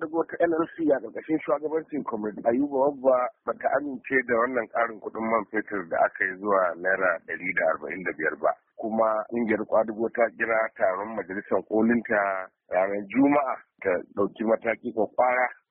daga wata NLC a ƙarƙashin shugabancin Comrade Ayuba Wabba ba ta amince da wannan ƙarin kuɗin man fetur da aka yi zuwa naira ɗari da arba'in da biyar ba. Kuma ƙungiyar kwadugo ta kira taron majalisar kolinta ranar Juma'a ta ɗauki mataki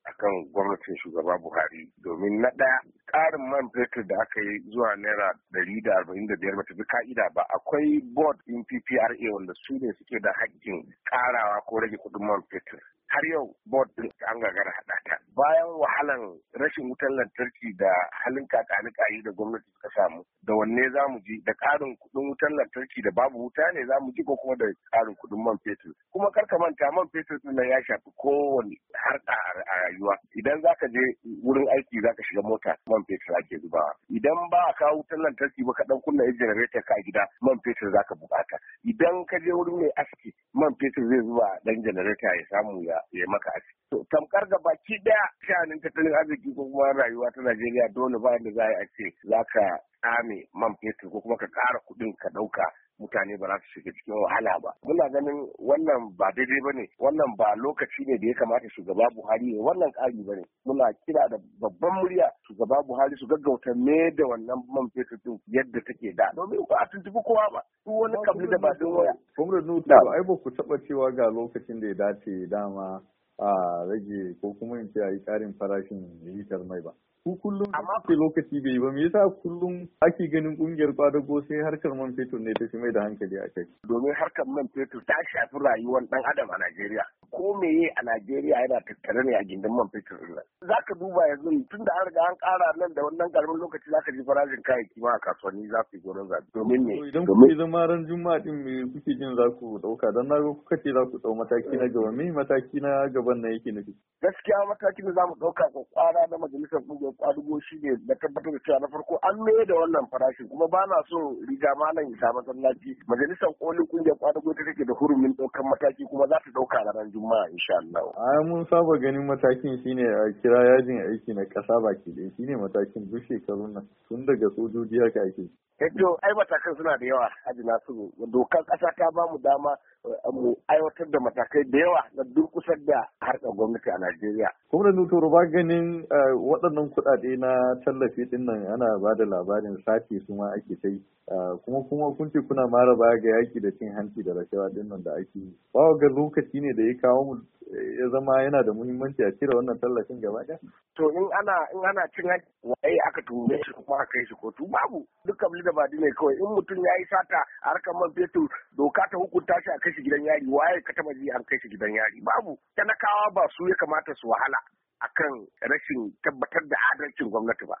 a kan gwamnatin shugaba Buhari domin na ɗaya ƙarin man fetur da aka yi zuwa naira ɗari da arba'in da biyar bata fi ka'ida ba akwai board in PPRA wanda su ne suke da haƙƙin ƙarawa ko rage kuɗin man fetur har yau board din an gagara haɗa ta bayan wahalan rashin wutar lantarki da halin kakanikayi da gwamnati suka samu da wanne za mu ji da karin kuɗin wutar lantarki da babu wuta ne za mu ji ko kuma da karin kuɗin man fetur kuma karka manta man fetur din ya shafi kowane harka a rayuwa idan za ka je wurin aiki za ka shiga mota man fetur ake zubawa idan ba a kawo wutar lantarki ba ka ɗan kunna generator ka a gida man fetur za ka buƙata idan ka je wurin mai aski man fetur zai zuba dan janareta ya samu ya ya maka aski. To tamkar da baki daya shanin tattalin arziki ko kuma rayuwa ta Najeriya dole bayan da za a ce za ka tsame man fetur ko kuma ka kara kuɗin ka ɗauka mutane ba za su shiga cikin wahala ba muna ganin wannan ba daidai ba ne wannan ba lokaci ne da ya kamata shugaba buhari ya wannan ƙari ba ne muna kira da babban murya shugaba buhari su gaggauta me da wannan man fetur tun yadda take da domin ba a tuntubi kowa ba Su wani kabli da ba don waya. Comrade Nuta, ai ba ku taɓa cewa ga lokacin da ya dace dama a rage ko kuma in ce a yi ƙarin farashin litar mai ba. ku kullum amma fi lokaci bai yi ba me yasa kullum ake ganin kungiyar kwadago sai harkar man fetur ne ta fi mai da hankali a kai domin harkar man fetur ta shafi rayuwar dan adam a Najeriya ko meye a Najeriya yana tattare ne a gindin man fetur nan zaka duba yanzu tun da an riga an kara nan da wannan garban lokaci zaka ji farajin kayayyaki ma a kasuwanni za su yi goron zabi domin ne idan kuke zama ran juma'a din me kuke jin za ku dauka dan na ga kuka ce za ku dau mataki na gaba me mataki na gaban na yake nufi gaskiya mataki da za mu dauka ko kwara na majalisar kungiyar kwadugo shi ne na tabbatar da cewa na farko an mai da wannan farashin kuma ba na so riga malam isa masallaci majalisar kolin kungiyar kwadugo ta take da hurumin ɗaukar mataki kuma za ta ɗauka ranar juma'a insha Allah. a mun saba ganin matakin shine a kira yajin aiki na ƙasa baki ɗaya shine matakin duk shekarun nan tun daga sojoji haka ake. Yadda eh ai matakan suna da yawa Haji Nasiru dokar ƙasa ta ba mu dama mu aiwatar da matakai da yawa na durkusar da harkar gwamnati a Najeriya. Kuma da ba ganin eh, waɗannan kuɗaɗe na tallafi ɗin nan ana ba da labarin sati su ma ake kai eh, kuma kuma kun ce kuna mara baya ga yaƙi da cin hanci da rashawa ɗin nan da ake yi. Bawa ga lokaci ne da ya kawo mu ya zama yana da muhimmanci a cire wannan tallafin gaba ɗaya. To in ana in ana cin hanci waye aka tuhume shi kuma aka kai shi kotu babu dukkan da ba ne kawai in mutum ya yi sata a harkar man fetur doka ta hukunta shi a kai kai shi gidan yari waye ka taba ji an kai shi gidan yari babu talakawa ba su ya kamata su wahala akan rashin tabbatar da adalcin gwamnati ba